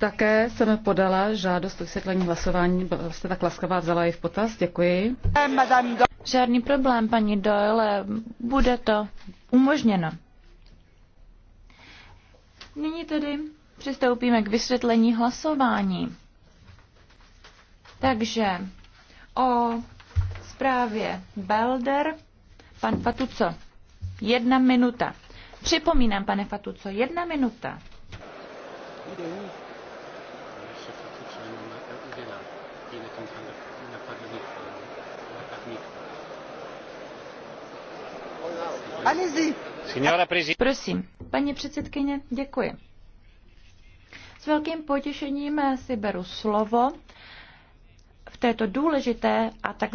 Také jsem podala žádost o vysvětlení hlasování, jste tak laskavá, vzala ji v potaz, děkuji. Žádný problém, paní Doyle, bude to umožněno. Nyní tedy přistoupíme k vysvětlení hlasování. Takže o zprávě Belder, pan Fatuco, jedna minuta. Připomínám, pane Fatuco, jedna minuta. Jde. Prosím, paní předsedkyně, děkuji. S velkým potěšením si beru slovo v této důležité a tak